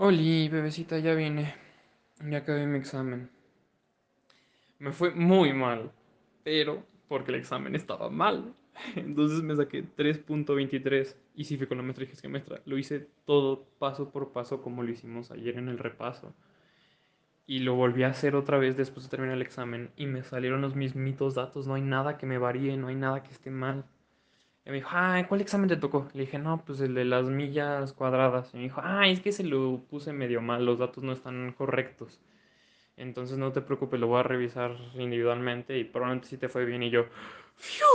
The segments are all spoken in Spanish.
Oli, bebecita, ya vine. Ya acabé mi examen. Me fue muy mal, pero porque el examen estaba mal. Entonces me saqué 3.23 y sí fui con la maestra y dije, es que maestra, lo hice todo paso por paso como lo hicimos ayer en el repaso. Y lo volví a hacer otra vez después de terminar el examen y me salieron los mismitos datos, no hay nada que me varíe, no hay nada que esté mal. Y me dijo, ay, ¿cuál examen te tocó? Le dije, no, pues el de las millas cuadradas. Y me dijo, ay, es que se lo puse medio mal, los datos no están correctos. Entonces no te preocupes, lo voy a revisar individualmente y probablemente sí te fue bien. Y yo, ¡fiu!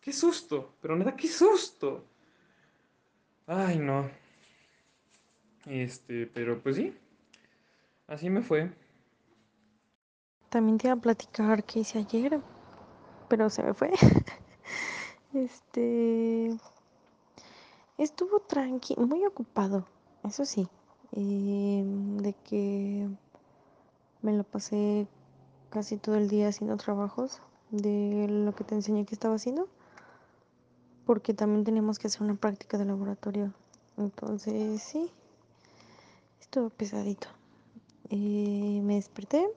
¡Qué susto! Pero nada, ¡qué susto! Ay, no. Este, pero pues sí. Así me fue. También te iba a platicar qué hice ayer, pero se me fue. Este estuvo tranqui, muy ocupado, eso sí, eh, de que me lo pasé casi todo el día haciendo trabajos de lo que te enseñé que estaba haciendo, porque también tenemos que hacer una práctica de laboratorio, entonces sí, estuvo pesadito. Eh, me desperté.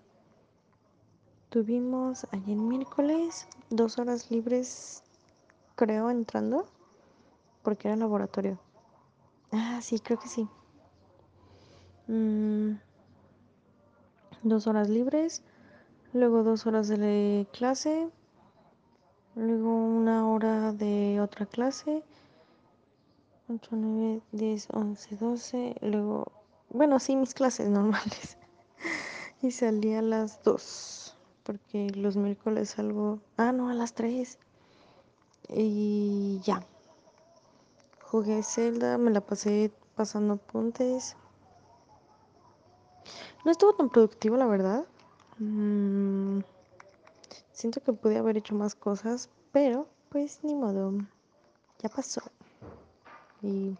Tuvimos ayer miércoles dos horas libres creo, entrando, porque era el laboratorio. Ah, sí, creo que sí. Mm, dos horas libres, luego dos horas de clase, luego una hora de otra clase, 8, 9, 10, 11, 12, luego, bueno, sí, mis clases normales. y salí a las 2, porque los miércoles salgo, ah, no, a las 3. Y ya. Jugué Zelda, me la pasé pasando apuntes. No estuvo tan productivo, la verdad. Mm, siento que pude haber hecho más cosas, pero pues ni modo. Ya pasó. Y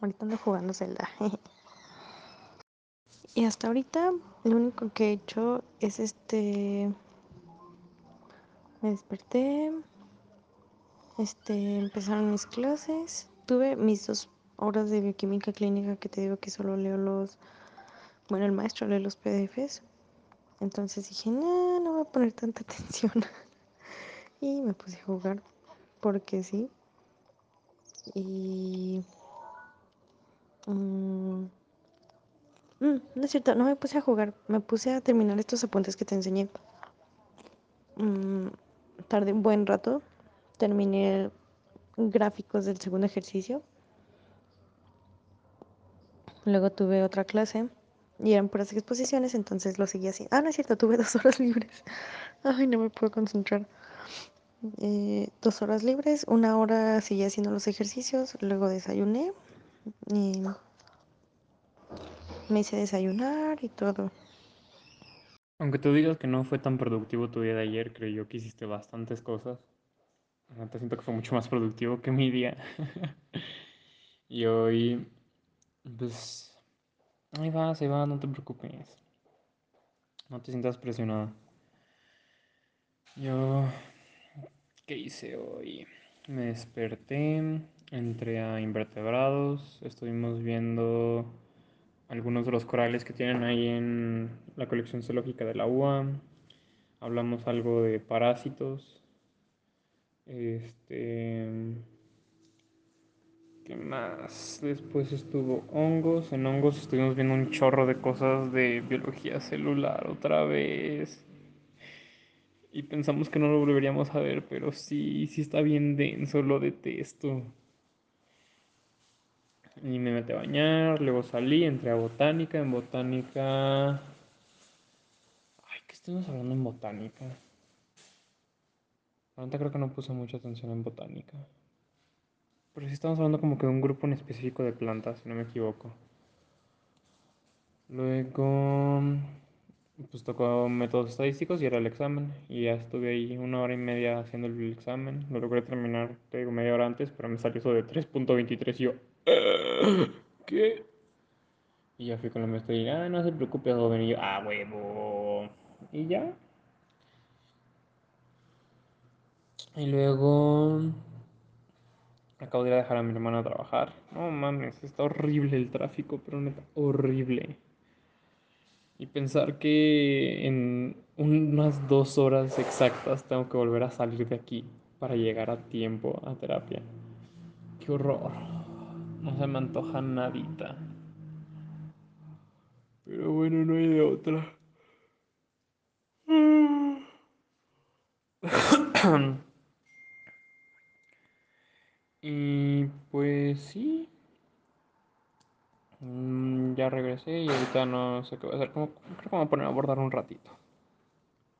ahorita ando jugando Zelda. y hasta ahorita lo único que he hecho es este... Me desperté, este, empezaron mis clases. Tuve mis dos horas de bioquímica clínica que te digo que solo leo los, bueno, el maestro lee los PDFs. Entonces dije, no, no voy a poner tanta atención. y me puse a jugar porque sí. Y... Mm, mm, no es cierto, no me puse a jugar, me puse a terminar estos apuntes que te enseñé. Tarde mm, tardé un buen rato, terminé gráficos del segundo ejercicio. Luego tuve otra clase y eran puras exposiciones, entonces lo seguí así. Ah, no es cierto, tuve dos horas libres. Ay, no me puedo concentrar. Eh, dos horas libres, una hora seguí haciendo los ejercicios, luego desayuné me hice desayunar y todo. Aunque tú digas que no fue tan productivo tu día de ayer, creo yo que hiciste bastantes cosas te siento que fue mucho más productivo que mi día. y hoy, pues, ahí va se va no te preocupes. No te sientas presionado. Yo, ¿qué hice hoy? Me desperté, entré a invertebrados, estuvimos viendo algunos de los corales que tienen ahí en la colección zoológica de la UAM. Hablamos algo de parásitos, este. ¿Qué más? Después estuvo hongos. En hongos estuvimos viendo un chorro de cosas de biología celular otra vez. Y pensamos que no lo volveríamos a ver, pero sí, sí está bien denso, lo detesto. Y me metí a bañar, luego salí, entré a botánica. En botánica. Ay, ¿qué estuvimos hablando en botánica? Ahorita creo que no puse mucha atención en botánica. Pero sí estamos hablando como que de un grupo en específico de plantas, si no me equivoco. Luego, pues tocó métodos estadísticos y era el examen. Y ya estuve ahí una hora y media haciendo el examen. Lo logré terminar, te media hora antes, pero me salió eso de 3.23 y yo... Ah, ¿Qué? Y ya fui con la maestra y, ah, no se preocupe, joven. Y yo, ah, huevo. Y ya, Y luego... Acabo de ir a dejar a mi hermana a trabajar. No mames, está horrible el tráfico, pero neta, horrible. Y pensar que en unas dos horas exactas tengo que volver a salir de aquí para llegar a tiempo a terapia. Qué horror. No se me antoja nadita. Pero bueno, no hay de otra. Y pues sí. Mm, ya regresé y ahorita no sé qué voy a hacer. creo que me voy a poner a abordar un ratito.